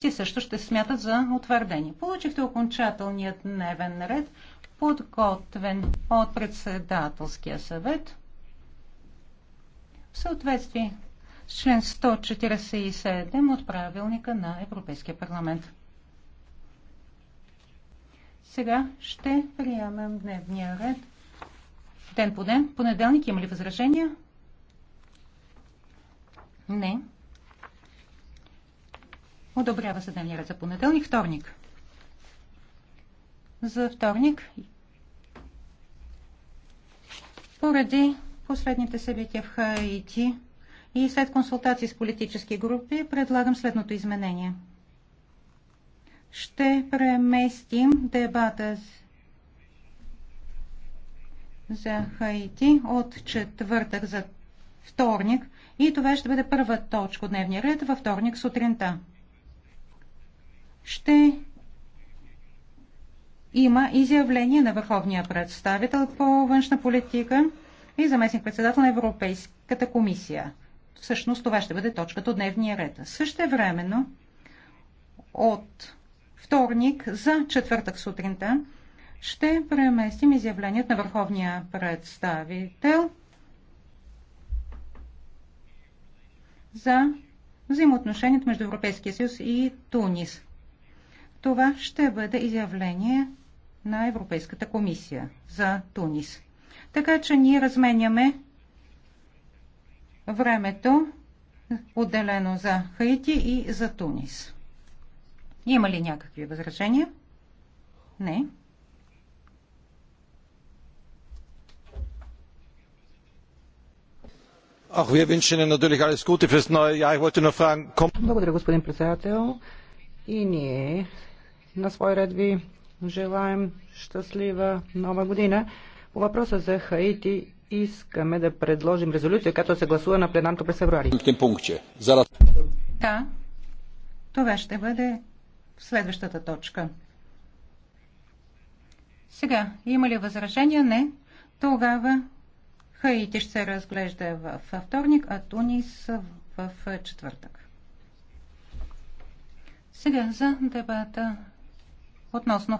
те също ще смятат за утвърдени. Получихте окончателният дневен ред, подготвен от председателския съвет. В съответствие с член 147 от правилника на Европейския парламент. Сега ще приемем дневния ред. Ден по ден, понеделник, има ли възражения? Не. Одобрява се дневния ред за понеделник, вторник. За вторник, поради последните събития в Хаити и след консултации с политически групи, предлагам следното изменение. Ще преместим дебата за Хаити от четвъртък за вторник и това ще бъде първа точка от дневния ред във вторник сутринта ще има изявление на върховния представител по външна политика и заместник-председател на Европейската комисия. Всъщност това ще бъде точката от дневния ред. Също времено от вторник за четвъртък сутринта ще преместим изявлението на върховния представител за взаимоотношението между Европейския съюз и Тунис. Това ще бъде изявление на Европейската комисия за Тунис. Така че ние разменяме времето, отделено за Хаити и за Тунис. Има ли някакви възражения? Не. Благодаря, господин председател. И ние на свой ред ви желаем щастлива нова година. По въпроса за Хаити искаме да предложим резолюция, която се гласува на пленарното през февруари. Да, това ще бъде в следващата точка. Сега, има ли възражения? Не. Тогава Хаити ще се разглежда в вторник, а Тунис в четвъртък. Сега за дебата относно